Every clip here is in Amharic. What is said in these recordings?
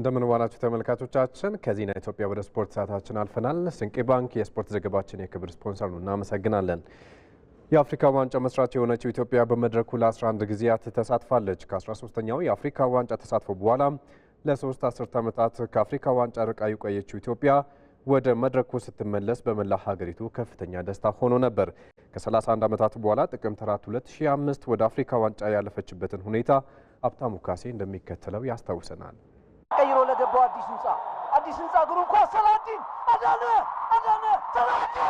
እንደምንዋላችሁ ተመልካቾቻችን፣ ከዜና ኢትዮጵያ ወደ ስፖርት ሰዓታችን አልፈናል። ስንቄ ባንክ የስፖርት ዘገባችን የክብር ስፖንሰር ነው፣ እናመሰግናለን። የአፍሪካ ዋንጫ መስራች የሆነችው ኢትዮጵያ በመድረኩ ለ11 ጊዜያት ተሳትፋለች። ከ13ኛው የአፍሪካ ዋንጫ ተሳትፎ በኋላ ለሶስት አስርት ዓመታት ከአፍሪካ ዋንጫ ርቃ የቆየችው ኢትዮጵያ ወደ መድረኩ ስትመለስ በመላ ሀገሪቱ ከፍተኛ ደስታ ሆኖ ነበር። ከ31 ዓመታት በኋላ ጥቅምት 4 2005 ወደ አፍሪካ ዋንጫ ያለፈችበትን ሁኔታ አብታሙ ካሴ እንደሚከተለው ያስታውሰናል። ቀይሮ ለገባው አዲስ ህንፃ አዲስ ህንፃ ግሩም ኳስ ሰላዲን አዳነ አዳነ ሰላዲን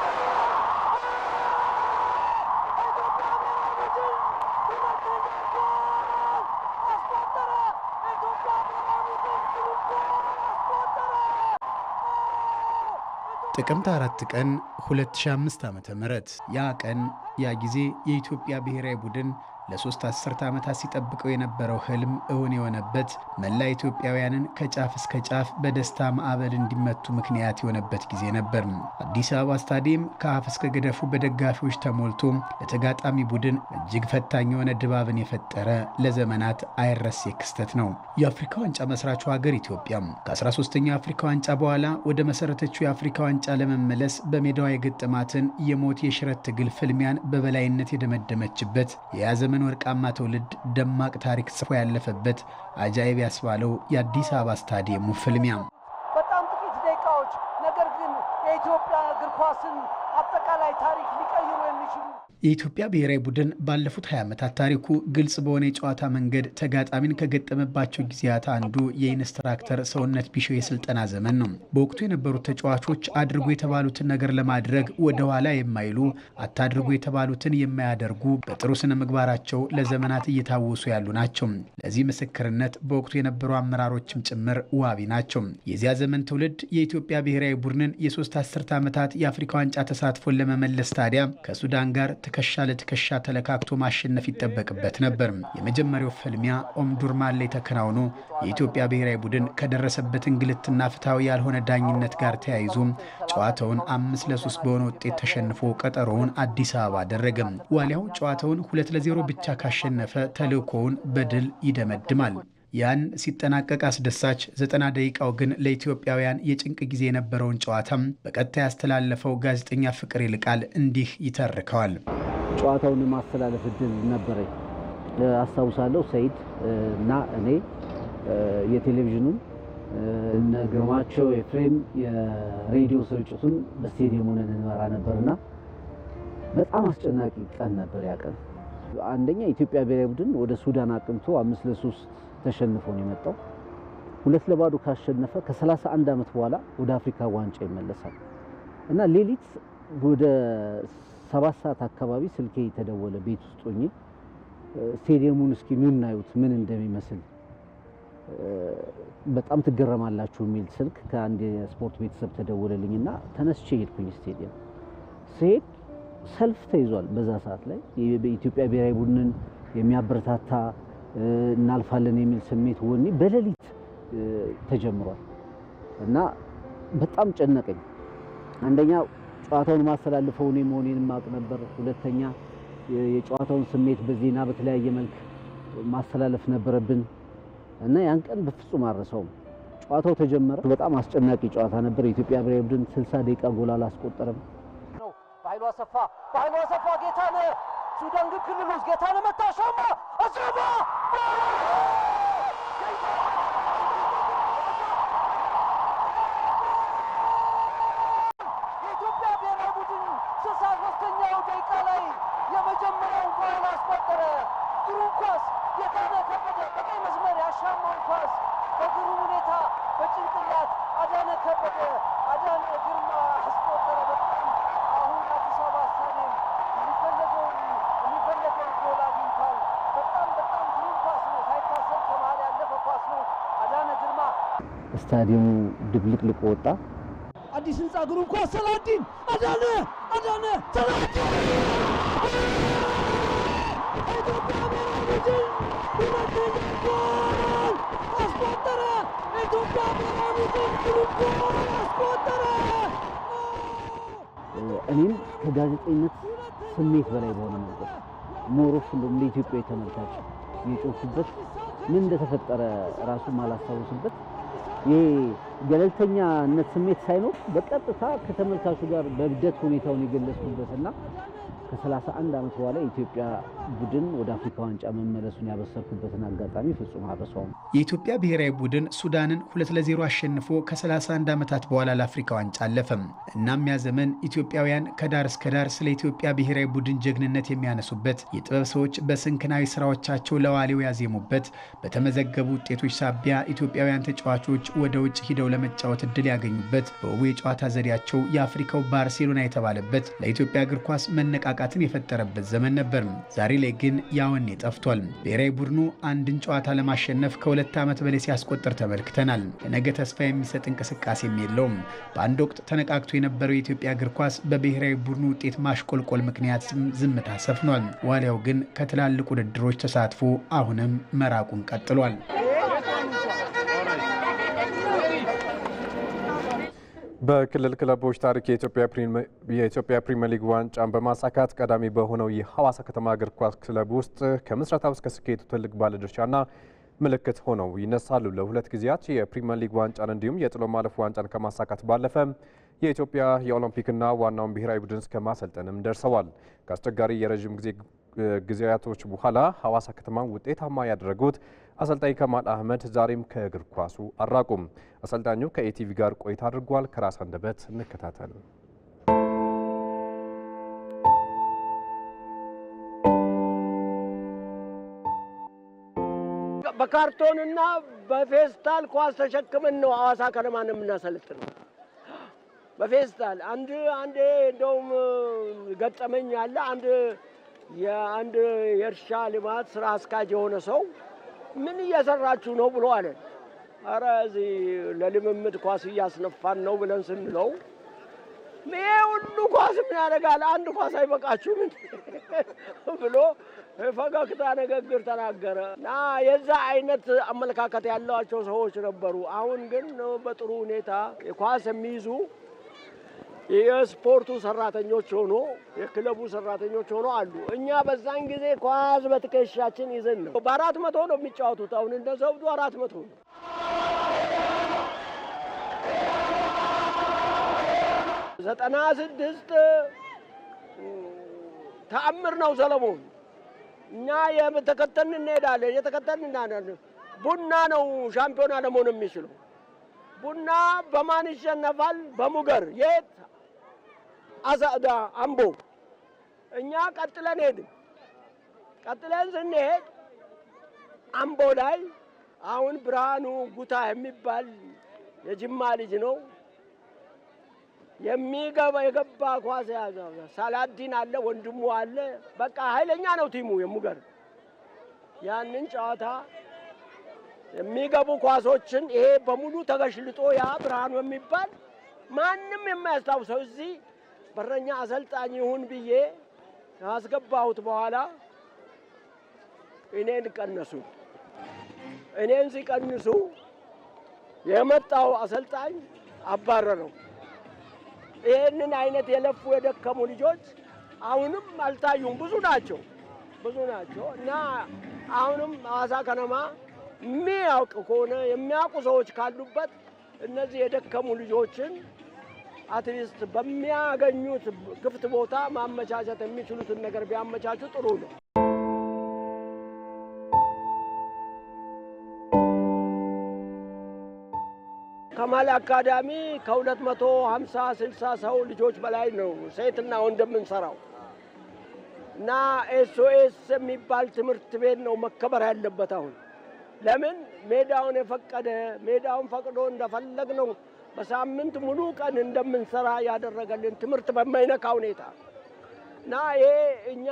ጥቅምት አራት ቀን 2005 ም ያ ቀን ያ ጊዜ የኢትዮጵያ ብሔራዊ ቡድን ለሶስት አስርተ ዓመታት ሲጠብቀው የነበረው ህልም እውን የሆነበት መላ ኢትዮጵያውያንን ከጫፍ እስከ ጫፍ በደስታ ማዕበል እንዲመቱ ምክንያት የሆነበት ጊዜ ነበር። አዲስ አበባ ስታዲየም ከአፍ እስከ ገደፉ በደጋፊዎች ተሞልቶ ለተጋጣሚ ቡድን እጅግ ፈታኝ የሆነ ድባብን የፈጠረ ለዘመናት አይረሴ ክስተት ነው። የአፍሪካ ዋንጫ መስራቹ ሀገር ኢትዮጵያ ከ13ኛው የአፍሪካ ዋንጫ በኋላ ወደ መሰረተችው የአፍሪካ ዋንጫ ለመመለስ በሜዳዋ የገጠማትን የሞት የሽረት ትግል ፍልሚያን በበላይነት የደመደመችበት የያዘመ ዘመን ወርቃማ ትውልድ ደማቅ ታሪክ ጽፎ ያለፈበት አጃይብ ያስባለው የአዲስ አበባ ስታዲየሙ ፍልሚያም የኢትዮጵያ ብሔራዊ ቡድን ባለፉት 20 ዓመታት ታሪኩ ግልጽ በሆነ የጨዋታ መንገድ ተጋጣሚን ከገጠመባቸው ጊዜያት አንዱ የኢንስትራክተር ሰውነት ቢሻው የስልጠና ዘመን ነው። በወቅቱ የነበሩት ተጫዋቾች አድርጎ የተባሉትን ነገር ለማድረግ ወደኋላ የማይሉ አታድርጎ የተባሉትን የማያደርጉ በጥሩ ስነ ምግባራቸው ለዘመናት እየታወሱ ያሉ ናቸው። ለዚህ ምስክርነት በወቅቱ የነበሩ አመራሮችም ጭምር ዋቢ ናቸው። የዚያ ዘመን ትውልድ የኢትዮጵያ ብሔራዊ ቡድንን የሶስት አስርተ ዓመታት የአፍሪካ ዋንጫ ተሳትፎን ለመመለስ ታዲያ ከሱዳን ጋር ትከሻ ለትከሻ ተለካክቶ ማሸነፍ ይጠበቅበት ነበር። የመጀመሪያው ፍልሚያ ኦምዱርማን ላይ ተከናውኖ የኢትዮጵያ ብሔራዊ ቡድን ከደረሰበት እንግልትና ፍትሐዊ ያልሆነ ዳኝነት ጋር ተያይዞ ጨዋታውን አምስት ለሶስት በሆነ ውጤት ተሸንፎ ቀጠሮውን አዲስ አበባ አደረገ። ዋሊያው ጨዋታውን ሁለት ለዜሮ ብቻ ካሸነፈ ተልእኮውን በድል ይደመድማል። ያን ሲጠናቀቅ አስደሳች ዘጠና ደቂቃው ግን ለኢትዮጵያውያን የጭንቅ ጊዜ የነበረውን ጨዋታም በቀጥታ ያስተላለፈው ጋዜጠኛ ፍቅር ይልቃል እንዲህ ይተርከዋል። ጨዋታውን የማስተላለፍ እድል ነበረኝ አስታውሳለሁ። ሰይድ እና እኔ የቴሌቪዥኑን እነ የፍሬም የሬዲዮ ስርጭቱን በስቴዲየም ሆነን እንመራ ነበርና በጣም አስጨናቂ ቀን ነበር ያቀን አንደኛ ኢትዮጵያ ብሔራዊ ቡድን ወደ ሱዳን አቅንቶ አምስት ለሶስት ተሸንፎ ነው የመጣው። ሁለት ለባዶ ካሸነፈ ከ31 ዓመት በኋላ ወደ አፍሪካ ዋንጫ ይመለሳል እና ሌሊት ወደ ሰባት ሰዓት አካባቢ ስልኬ የተደወለ ቤት ውስጥ ሆኜ ስቴዲየሙን እስኪ ኑ እናዩት ምን እንደሚመስል በጣም ትገረማላችሁ የሚል ስልክ ከአንድ የስፖርት ቤተሰብ ተደወለልኝ እና ተነስቼ ሄድኩኝ ስቴዲየም። ስሄድ ሰልፍ ተይዟል። በዛ ሰዓት ላይ የኢትዮጵያ ብሔራዊ ቡድንን የሚያበረታታ እናልፋለን የሚል ስሜት ወኔ በሌሊት ተጀምሯል እና በጣም ጨነቀኝ። አንደኛ ጨዋታውን ማስተላልፈው እኔ መሆኔን ማቅ ነበር። ሁለተኛ የጨዋታውን ስሜት በዜና በተለያየ መልክ ማስተላለፍ ነበረብን እና ያን ቀን በፍጹም አረሰውም። ጨዋታው ተጀመረ። በጣም አስጨናቂ ጨዋታ ነበር። የኢትዮጵያ ብሔራዊ ቡድን 60 ደቂቃ ጎል አላስቆጠረም። በኃይሉ አሰፋ በኃይሉ አሰፋ ጌታነህ ሱዳን ግብ ክልል ውስጥ ጌታነህ መታሻማ አስረባ በጭንቅላት አዳነ ከበደ አዳነ ግርማ ስታዲየሙ ድብልቅልቅ ወጣ። አዲስ ህንፃ ግሩም ኳስ ሰላዲን አዳነ አዳነ ሰላዲን እኔም ከጋዜጠኝነት ስሜት በላይ በሆነ መንገድ ሞሮፍ እንደ ኢትዮጵያ የተመልካች የጮኩበት ምን እንደተፈጠረ ራሱ ማላስታውስበት ይሄ ገለልተኛነት ስሜት ሳይኖር በቀጥታ ከተመልካቹ ጋር በብደት ሁኔታውን የገለጽኩበትና ከ31 ዓመት በኋላ የኢትዮጵያ ቡድን ወደ አፍሪካ ዋንጫ መመለሱን ያበሰርኩበትን አጋጣሚ ፍጹም አረሳውም። የኢትዮጵያ ብሔራዊ ቡድን ሱዳንን 2 ለ0 አሸንፎ ከ31 ዓመታት በኋላ ለአፍሪካ ዋንጫ አለፈም። እናም ያ ዘመን ኢትዮጵያውያን ከዳር እስከ ዳር ስለ ኢትዮጵያ ብሔራዊ ቡድን ጀግንነት የሚያነሱበት፣ የጥበብ ሰዎች በስንክናዊ ስራዎቻቸው ለዋሌው ያዜሙበት፣ በተመዘገቡ ውጤቶች ሳቢያ ኢትዮጵያውያን ተጫዋቾች ወደ ውጭ ሂደው ለመጫወት እድል ያገኙበት፣ በውቡ የጨዋታ ዘዴያቸው የአፍሪካው ባርሴሎና የተባለበት፣ ለኢትዮጵያ እግር ኳስ መነቃቀ መነቃቃትን የፈጠረበት ዘመን ነበር። ዛሬ ላይ ግን ያወኔ ጠፍቷል። ብሔራዊ ቡድኑ አንድን ጨዋታ ለማሸነፍ ከሁለት ዓመት በላይ ሲያስቆጥር ተመልክተናል። ለነገ ተስፋ የሚሰጥ እንቅስቃሴም የለውም። በአንድ ወቅት ተነቃቅቶ የነበረው የኢትዮጵያ እግር ኳስ በብሔራዊ ቡድኑ ውጤት ማሽቆልቆል ምክንያት ዝምታ ሰፍኗል። ዋልያው ግን ከትላልቅ ውድድሮች ተሳትፎ አሁንም መራቁን ቀጥሏል። በክልል ክለቦች ታሪክ የኢትዮጵያ ፕሪምየር ሊግ ዋንጫን በማሳካት ቀዳሚ በሆነው የሐዋሳ ከተማ እግር ኳስ ክለብ ውስጥ ከምስረታው እስከ ስኬቱ ትልቅ ባለድርሻና ምልክት ሆነው ይነሳሉ። ለሁለት ጊዜያት የፕሪምየር ሊግ ዋንጫን እንዲሁም የጥሎ ማለፍ ዋንጫን ከማሳካት ባለፈ የኢትዮጵያ የኦሎምፒክና ዋናውን ብሔራዊ ቡድን እስከ ማሰልጠንም ደርሰዋል። ከአስቸጋሪ የረዥም ጊዜ ጊዜያቶች በኋላ ሐዋሳ ከተማን ውጤታማ ያደረጉት አሰልጣኝ ከማል አህመድ ዛሬም ከእግር ኳሱ አራቁም አሰልጣኙ ከኢቲቪ ጋር ቆይታ አድርጓል። ከራስ አንደበት እንከታተል። በካርቶንና በፌስታል ኳስ ተሸክመን ነው ሐዋሳ ከተማን ነው። በፌስታል አንድ አንዴ እንደውም ገጠመኝ አለ አንድ የአንድ የእርሻ ልማት ስራ አስኪያጅ የሆነ ሰው ምን እየሰራችሁ ነው ብሎ አለን። አረ እዚህ ለልምምድ ኳስ እያስነፋን ነው ብለን ስንለው ይሄ ሁሉ ኳስ ምን ያደርጋል አንድ ኳስ አይበቃችሁም ብሎ ፈገግታ ንግግር ተናገረ እና የዛ አይነት አመለካከት ያለዋቸው ሰዎች ነበሩ። አሁን ግን በጥሩ ሁኔታ ኳስ የሚይዙ የስፖርቱ ሰራተኞች ሆኖ የክለቡ ሰራተኞች ሆኖ አሉ። እኛ በዛን ጊዜ ኳስ በትከሻችን ይዘን ነው። በአራት መቶ ነው የሚጫወቱት። አሁን እንደ ዘውዱ አራት መቶ ነው። ዘጠና ስድስት ተአምር ነው ሰለሞን። እኛ የተከተልን እንሄዳለን፣ የተከተልን እንሄዳለን። ቡና ነው ሻምፒዮና ለመሆን የሚችለው ቡና በማን ይሸነፋል? በሙገር የት አዛዳ አምቦ እኛ ቀጥለን ሄድን። ቀጥለን ስንሄድ አምቦ ላይ አሁን ብርሃኑ ጉታ የሚባል የጅማ ልጅ ነው የሚገባ የገባ ኳስ ያዘ። ሳላዲን አለ ወንድሙ አለ። በቃ ኃይለኛ ነው ቲሙ የሙገር ያንን ጨዋታ የሚገቡ ኳሶችን ይሄ በሙሉ ተገሽልጦ ያ ብርሃኑ የሚባል ማንም የማያስታውሰው እዚህ በረኛ አሰልጣኝ ይሁን ብዬ ካስገባሁት በኋላ እኔን ቀነሱ። እኔን ሲቀንሱ የመጣው አሰልጣኝ አባረረው። ይህንን አይነት የለፉ የደከሙ ልጆች አሁንም አልታዩም። ብዙ ናቸው፣ ብዙ ናቸው እና አሁንም ሐዋሳ ከነማ የሚያውቅ ከሆነ የሚያውቁ ሰዎች ካሉበት እነዚህ የደከሙ ልጆችን አትሊስት በሚያገኙት ክፍት ቦታ ማመቻቸት የሚችሉትን ነገር ቢያመቻቹ ጥሩ ነው። ከማል አካዳሚ ከሁለት መቶ ሀምሳ ስልሳ ሰው ልጆች በላይ ነው ሴትና ወንድ የምንሰራው እና ኤስኦኤስ የሚባል ትምህርት ቤት ነው መከበር ያለበት። አሁን ለምን ሜዳውን የፈቀደ ሜዳውን ፈቅዶ እንደፈለግ ነው በሳምንት ሙሉ ቀን እንደምንሰራ ያደረገልን ትምህርት በማይነካ ሁኔታ እና ይሄ እኛ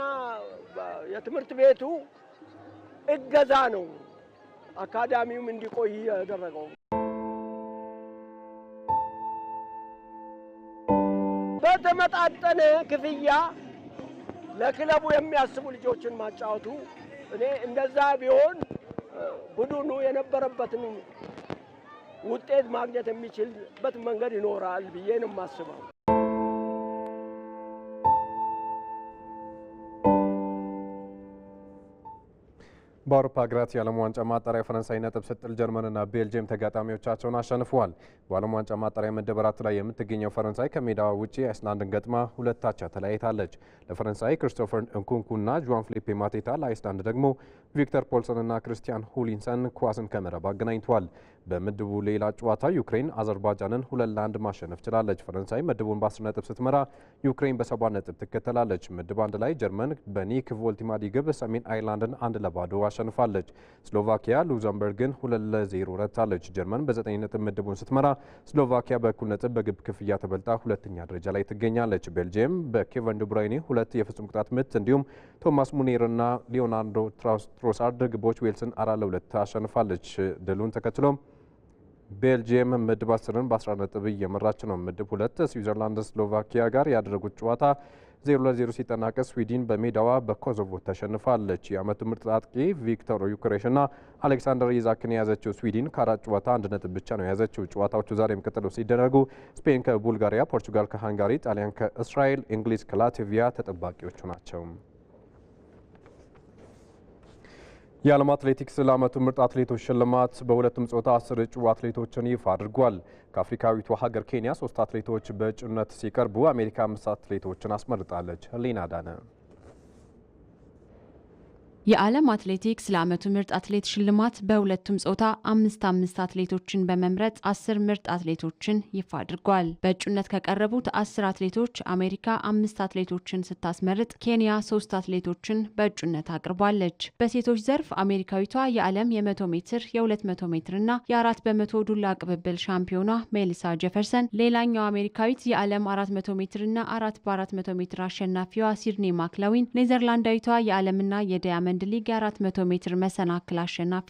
የትምህርት ቤቱ እገዛ ነው። አካዳሚውም እንዲቆይ ያደረገው በተመጣጠነ ክፍያ ለክለቡ የሚያስቡ ልጆችን ማጫወቱ እኔ እንደዛ ቢሆን ቡድኑ የነበረበትን ውጤት ማግኘት የሚችልበት መንገድ ይኖራል ብዬ ነው የማስበው። በአውሮፓ ሀገራት የዓለም ዋንጫ ማጣሪያ ፈረንሳይ ነጥብ ስጥል ጀርመንና ቤልጅየም ተጋጣሚዎቻቸውን አሸንፈዋል። በዓለም ዋንጫ ማጣሪያ ምድብ አራት ላይ የምትገኘው ፈረንሳይ ከሜዳዋ ውጪ አይስላንድን ገጥማ ሁለት አቻ ተለያይታለች። ለፈረንሳይ ክርስቶፈር እንኩንኩና ጁዋን ፊሊፔ ማቴታ፣ ለአይስላንድ ደግሞ ቪክተር ፖልሰንና ክርስቲያን ሁሊንሰን ኳስን ከመረብ አገናኝተዋል። በምድቡ ሌላ ጨዋታ ዩክሬን አዘርባጃንን ሁለት ለአንድ ማሸነፍ ችላለች። ፈረንሳይ ምድቡን በአስር ነጥብ ስትመራ ዩክሬን በሰባት ነጥብ ትከተላለች። ምድብ አንድ ላይ ጀርመን በኒክ ቮልቲማዲ ግብ ሰሜን አይርላንድን አንድ ለባዶ አሸንፋለች። ስሎቫኪያ ሉዘምበርግን ሁለት ለዜሮ ረታለች። ጀርመን በዘጠኝ ነጥብ ምድቡን ስትመራ፣ ስሎቫኪያ በእኩል ነጥብ በግብ ክፍያ ተበልጣ ሁለተኛ ደረጃ ላይ ትገኛለች። ቤልጅየም በኬቨን ዱብራይኔ ሁለት የፍጹም ቅጣት ምት እንዲሁም ቶማስ ሙኔርና ሊዮናርዶ ትራውስ ትሮሳርድ ግቦች ዌልስን አራት ለሁለት አሸንፋለች። ድሉን ተከትሎ ቤልጅየም ምድብ አስርን በ11 ነጥብ እየመራች ነው። ምድብ ሁለት ስዊዘርላንድ ስሎቫኪያ ጋር ያደረጉት ጨዋታ ዜሮ ሲጠናቀ ሲጠናቀቅ ስዊድን በሜዳዋ በኮሶቮ ተሸንፋለች። የዓመቱ ምርጥ አጥቂ ዩክሬሽ እና አሌክሳንደር ይዛክን የያዘችው ስዊድን ከአራት ጨዋታ አንድ ነጥብ ብቻ ነው የያዘችው። ጨዋታዎቹ ዛሬም ቀጥለው ሲደረጉ ስፔን ከቡልጋሪያ፣ ፖርቹጋል ከሃንጋሪ፣ ጣሊያን ከእስራኤል፣ እንግሊዝ ከላትቪያ ተጠባቂዎቹ ናቸው። የዓለም አትሌቲክስ ለዓመቱ ምርጥ አትሌቶች ሽልማት በሁለቱም ጾታ አስር እጩ አትሌቶችን ይፋ አድርጓል። ከአፍሪካዊቱ ሀገር ኬንያ ሶስት አትሌቶች በእጩነት ሲቀርቡ አሜሪካ አምስት አትሌቶችን አስመርጣለች። ህሊና ዳነ የዓለም አትሌቲክስ ለዓመቱ ምርጥ አትሌት ሽልማት በሁለቱም ጾታ አምስት አምስት አትሌቶችን በመምረጥ አስር ምርጥ አትሌቶችን ይፋ አድርጓል። በእጩነት ከቀረቡት አስር አትሌቶች አሜሪካ አምስት አትሌቶችን ስታስመርጥ፣ ኬንያ ሶስት አትሌቶችን በእጩነት አቅርባለች። በሴቶች ዘርፍ አሜሪካዊቷ የዓለም የመቶ ሜትር የሁለት መቶ ሜትርና የአራት በመቶ ዱላ ቅብብል ሻምፒዮኗ ሜሊሳ ጀፈርሰን፣ ሌላኛው አሜሪካዊት የዓለም አራት መቶ ሜትርና አራት በአራት መቶ ሜትር አሸናፊዋ ሲድኒ ማክላዊን፣ ኔዘርላንዳዊቷ የዓለምና የዳያመንድ የወንድ ሊግ የ400 ሜትር መሰናክል አሸናፊ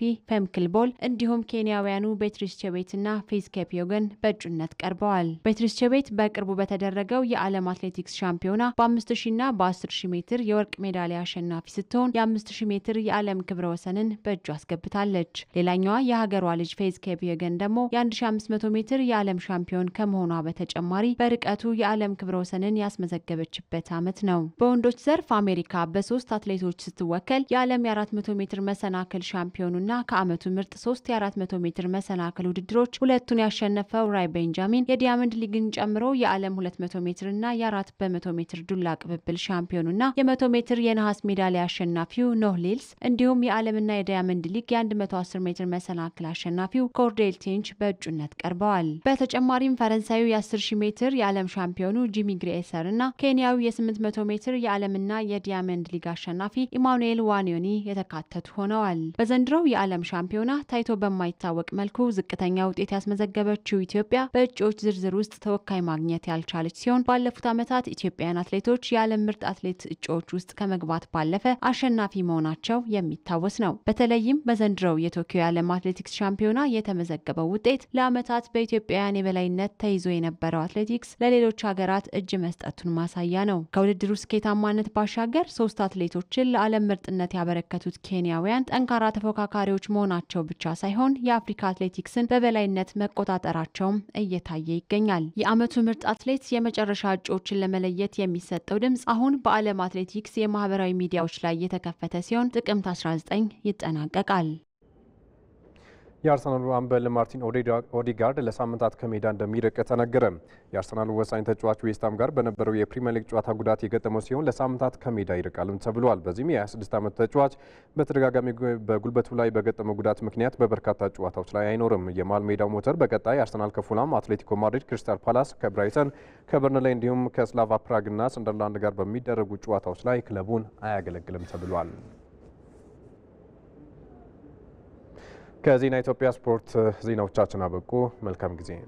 ቦል እንዲሁም ኬንያውያኑ ቤትሪስ ቸቤትና ፌዝ ኬፒዮገን በእጩነት ቀርበዋል። ቤትሪስ በቅርቡ በተደረገው የዓለም አትሌቲክስ ሻምፒዮና በ5000 እና በ10000 ሜትር የወርቅ ሜዳሊያ አሸናፊ ስትሆን የ5000 ሜትር የዓለም ክብረ ወሰንን በእጁ አስገብታለች። ሌላኛዋ የሀገሯ ልጅ ፌዝ ኬፒዮገን ደግሞ የ1500 ሜትር የዓለም ሻምፒዮን ከመሆኗ በተጨማሪ በርቀቱ የዓለም ክብረ ወሰንን ያስመዘገበችበት ዓመት ነው። በወንዶች ዘርፍ አሜሪካ በሶስት አትሌቶች ስትወከል የዓለም የ400 ሜትር መሰናክል ሻምፒዮኑና ከዓመቱ ምርጥ ሶስት የ400 ሜትር መሰናክል ውድድሮች ሁለቱን ያሸነፈው ራይ ቤንጃሚን የዲያመንድ ሊግን ጨምሮ የዓለም 200 ሜትርና የ4 በ100 ሜትር ዱላ ቅብብል ሻምፒዮኑና የ100 ሜትር የነሐስ ሜዳሊያ አሸናፊው ኖህ ሊልስ እንዲሁም የዓለምና የዲያመንድ ሊግ የ110 ሜትር መሰናክል አሸናፊው ኮርዴል ቴንች በእጩነት ቀርበዋል። በተጨማሪም ፈረንሳዩ የ10000 ሜትር የዓለም ሻምፒዮኑ ጂሚ ግሬሰር እና ኬንያዊ የ800 ሜትር የዓለምና የዲያመንድ ሊግ አሸናፊ ኢማኑኤል ዋ ሴባኒዮኒ የተካተቱ ሆነዋል። በዘንድሮው የዓለም ሻምፒዮና ታይቶ በማይታወቅ መልኩ ዝቅተኛ ውጤት ያስመዘገበችው ኢትዮጵያ በእጩዎች ዝርዝር ውስጥ ተወካይ ማግኘት ያልቻለች ሲሆን ባለፉት ዓመታት ኢትዮጵያውያን አትሌቶች የዓለም ምርጥ አትሌት እጩዎች ውስጥ ከመግባት ባለፈ አሸናፊ መሆናቸው የሚታወስ ነው። በተለይም በዘንድሮው የቶኪዮ የዓለም አትሌቲክስ ሻምፒዮና የተመዘገበው ውጤት ለዓመታት በኢትዮጵያውያን የበላይነት ተይዞ የነበረው አትሌቲክስ ለሌሎች ሀገራት እጅ መስጠቱን ማሳያ ነው። ከውድድሩ ስኬታማነት ባሻገር ሶስት አትሌቶችን ለዓለም ምርጥነት ጥረት ያበረከቱት ኬንያውያን ጠንካራ ተፎካካሪዎች መሆናቸው ብቻ ሳይሆን የአፍሪካ አትሌቲክስን በበላይነት መቆጣጠራቸውም እየታየ ይገኛል። የአመቱ ምርጥ አትሌት የመጨረሻ እጩዎችን ለመለየት የሚሰጠው ድምፅ አሁን በዓለም አትሌቲክስ የማህበራዊ ሚዲያዎች ላይ የተከፈተ ሲሆን ጥቅምት 19 ይጠናቀቃል። የአርሰናሉ አምበል ማርቲን ኦዴጋርድ ለሳምንታት ከሜዳ እንደሚርቅ ተነገረ። የአርሰናሉ ወሳኝ ተጫዋች ዌስታም ጋር በነበረው የፕሪምየር ሊግ ጨዋታ ጉዳት የገጠመው ሲሆን ለሳምንታት ከሜዳ ይርቃልም ተብሏል። በዚህም የ26 ዓመት ተጫዋች በተደጋጋሚ በጉልበቱ ላይ በገጠመው ጉዳት ምክንያት በበርካታ ጨዋታዎች ላይ አይኖርም። የማል ሜዳው ሞተር በቀጣይ አርሰናል ከፉላም፣ አትሌቲኮ ማድሪድ፣ ክሪስታል ፓላስ ከብራይተን፣ ከበርንላይ እንዲሁም ከስላቫ ፕራግና ሰንደርላንድ ጋር በሚደረጉ ጨዋታዎች ላይ ክለቡን አያገለግልም ተብሏል። ከዜና ኢትዮጵያ ስፖርት ዜናዎቻችን አበቁ። መልካም ጊዜ